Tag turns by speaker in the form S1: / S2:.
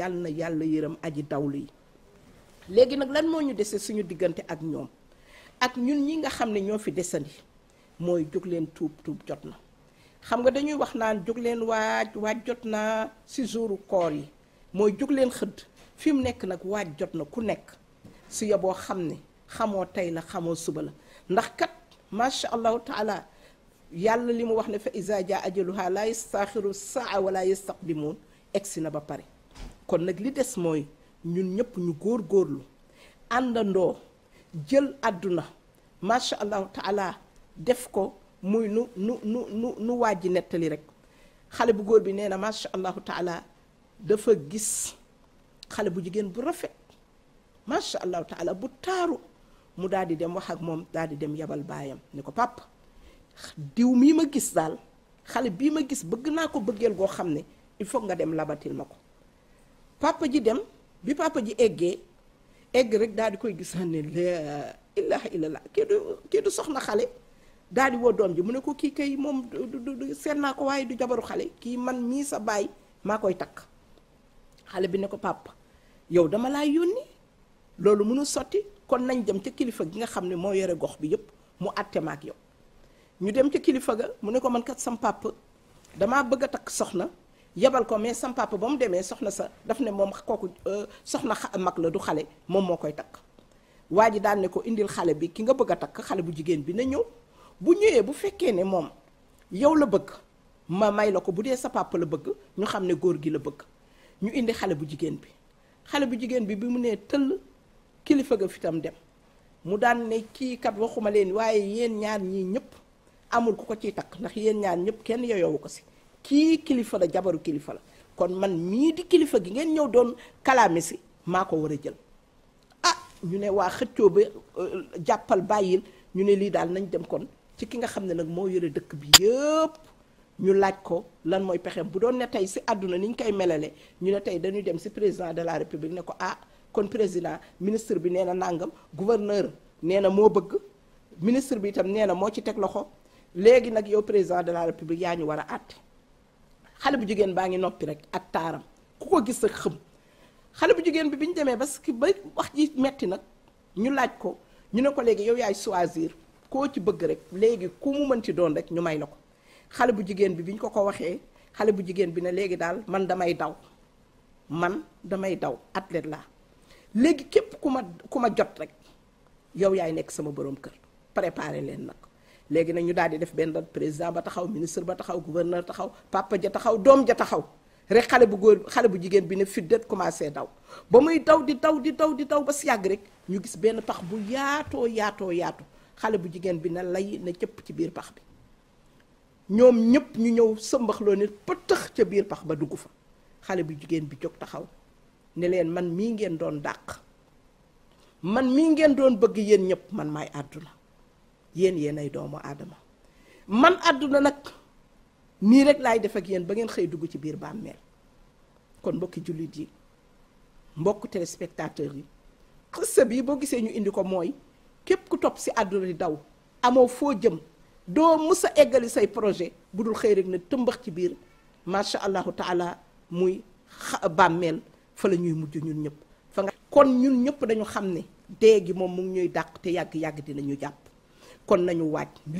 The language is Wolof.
S1: yàlla na yàlla yërëm aji dawlu yi léegi nag lan moo ñu dese suñu diggante ak ñoom ak ñun ñi nga xam ne ñoo fi desandi mooy jóg leen tuub tuub jot na xam nga dañuy wax naan jóg leen waaj waaj jot naa si jouru koor yi mooy jóg leen xëdd fi mu nekk nag waaj jot na ku nekk si yoboo xam ne xamoo tey la xamoo suba la ndax kat macha allahu taala yàlla li mu wax ne fa iza jaa ajaluha la yastaaxiru saa wala yastaqdimuun egsi na ba pare kon nag li des mooy ñun ñëpp ñu góor-góorlu àndandoo jël àdduna macha allahu taala def ko muy nu nu nu nu nu waa ji nettali rek xale bu góor bi nee na macha allahu taala dafa gis xale bu jigéen bu rafet macha allahu taala bu taaru mu daal di dem wax ak moom daal di dem yabal baayam ni ko pàpp diw mii ma gis daal xale bii ma gis bëgg naa ko bëggeel goo xam ne il faut nga dem labatil ma ko papa ji dem bi papa ji eggee egg rek daal di koy gisaan ne la ilaha illallah kii du kii du soxna xale daal di woo doom ji mu ne ko kii kay moom du seet naa ko waaye du jabaru xale kii man mii sa baay maa koy takk xale bi ne ko papa yow dama laa yónni loolu mënu sotti kon nañ dem ca kilifa gi nga xam ne moo yore gox bi yëpp mu àtte maak yow ñu dem ca kilifa ga mu ne ko man kat sam papa damaa bëgg a takk soxna yebal ko mais sam ba mu demee soxna sa daf ne moom kooku euh, soxna mag la du xale moom moo koy takk waa ji daan ne ko indil xale bi ki nga bëgg a takk xale bu jigéen bi na ñëw bu ñëwee bu fekkee ne moom yow la bëgg ma may la ko bu dee sa papa la bëgg ñu xam ne góor gi la bëgg ñu indi xale bu jigéen bi xale bu jigéen bi bi mu nee tëll kilifa ga itam dem mu daan ne kii kat waxuma leen waaye yéen ñaar ñii ñëpp amul ku ko ciy takk ndax yéen ñaar ñëpp kenn yoyowu ko si kii kilifa la jabaru kilifa la kon man mii di kilifa gi ngeen ñëw doon kalaame si maa ko war a jël ah ñu ne waa xëccoo ba euh, jàppal bàyyil ñu ne lii daal nañ dem kon ci ki nga xam ne nag moo yore dëkk bi yëpp ñu laaj ko lan mooy pexeem bu doon ne tey si àdduna ni ñu koy melale ñu ne tey dañuy dem si président de la république ne ko ah kon président ministre bi nee na nàngam gouverneur nee na moo bëgg ministre bi itam nee na moo ci teg loxo léegi nag yow président de la république yaa ñu war a àtte xale bu jigéen baa ngi noppi rek ak taaram ku ko gis ak xëm xale bu jigéen bi bi ñu demee parce que ba wax ji metti nag ñu laaj ko ñu ne ko léegi yow yaay soisir koo ci bëgg rek léegi ku mu mën ci doon rek ñu may la ko xale bu jigéen bi bi ñu ko ko waxee xale bu jigéen bi ne léegi daal man damay daw man damay daw athlète laa léegi képp ku ma ku ma jot rek yow yaay nekk sama borom kër préparé leen nag léegi nag ñu daal di def benn président ba taxaw ministre ba taxaw gouverneur taxaw papa ja taxaw doom ja taxaw rek xale bu góor xale bu jigéen bi ne fiddat commencé daw ba muy daw di daw di daw di daw ba si yàgg rek ñu gis benn pax bu yaatoo yaatoo yaatu xale bu jigéen bi na lay na cëpp ci biir pax bi ñoom ñëpp ñu ñëw sëmbaxloo nit pëtëx ca biir pax ba dugg fa xale bu jigéen bi jóg taxaw ni leen man mii ngeen doon dàq man mii ngeen doon bëgg yéen ñëpp man maay àdduna yéen yéenay doomu aadama man àdduna nag nii rek laay def ak yéen ba ngeen xëy dugg ci biir bàmmeel kon mbokki jullit yi mbokk téléspectateurs yi xissa bii boo gisee ñu indi ko mooy képp ku topp si àdduna di daw amoo foo jëm doo mus a eggali say projet bu dul xëy rek na tëmbax ci biir macha allahu taala muy bàmmeel fa la ñuy mujj ñun ñëpp fa nga kon ñun ñëpp dañu xam ne dee gi moom mu ngi ñuy dàq te yàgg-yàgg dinañu jàpp kon nañu waaj